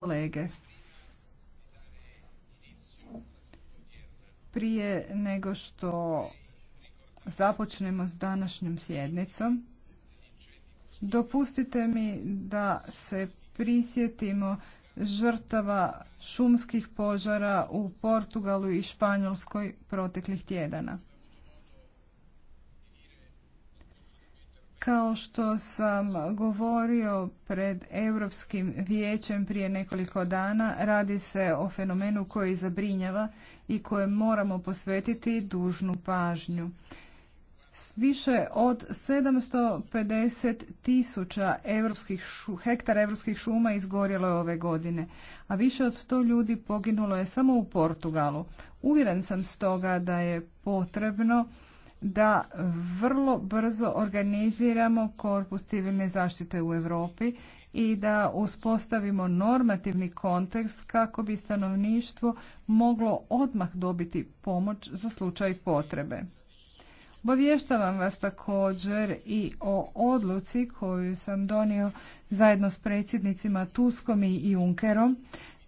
kolege. Prije nego što započnemo s današnjom sjednicom, dopustite mi da se prisjetimo žrtava šumskih požara u Portugalu i Španjolskoj proteklih tjedana. Kao što sam govorio pred Europskim vijećem prije nekoliko dana, radi se o fenomenu koji zabrinjava i kojem moramo posvetiti dužnu pažnju. više od 750 tisuća hektara evropskih šuma izgorjelo je ove godine, a više od 100 ljudi poginulo je samo u Portugalu. Uvjeren sam stoga da je potrebno da vrlo brzo organiziramo korpus civilne zaštite u Europi i da uspostavimo normativni kontekst kako bi stanovništvo moglo odmah dobiti pomoć za slučaj potrebe. Obavještavam vas također i o odluci koju sam donio zajedno s predsjednicima Tuskom i Junkerom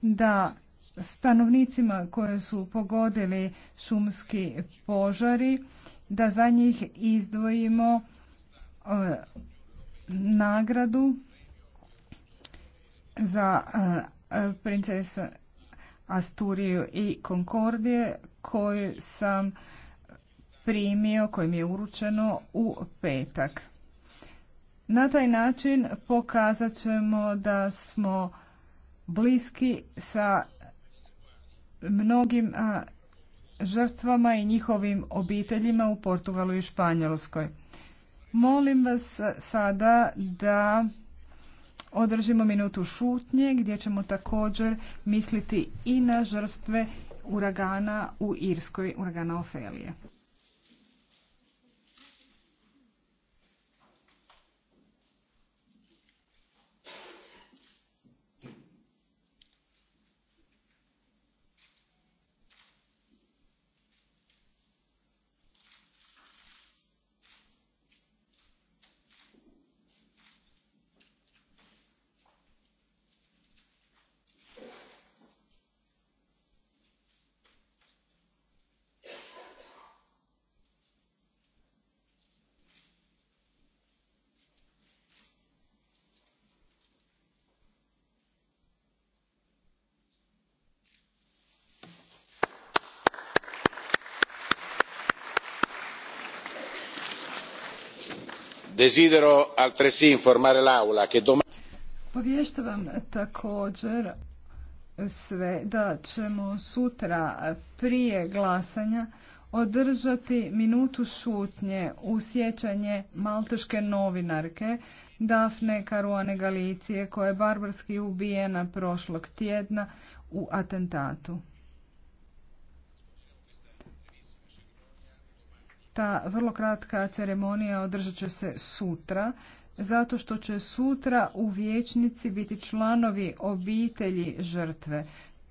da stanovnicima koje su pogodili šumski požari, da za njih izdvojimo e, nagradu za e, princesa Asturiju i Konkordije koju sam primio, kojim je uručeno u petak. Na taj način pokazat ćemo da smo bliski sa mnogim žrtvama i njihovim obiteljima u Portugalu i Španjolskoj. Molim vas sada da održimo minutu šutnje gdje ćemo također misliti i na žrtve uragana u Irskoj, uragana Ofelije. desidero altresì informare l'aula che domani. obavještavam također sve da ćemo sutra prije glasanja održati minutu šutnje u sjećanje malteške novinarke Dafne Karuane Galicije koja je barbarski ubijena prošlog tjedna u atentatu. Ta vrlo kratka ceremonija održat će se sutra, zato što će sutra u vijećnici biti članovi obitelji žrtve.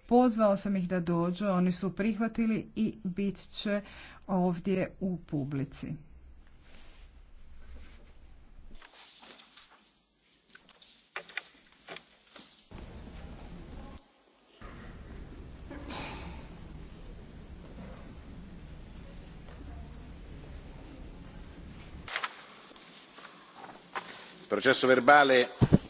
Pozvao sam ih da dođu, oni su prihvatili i bit će ovdje u publici. processo verbale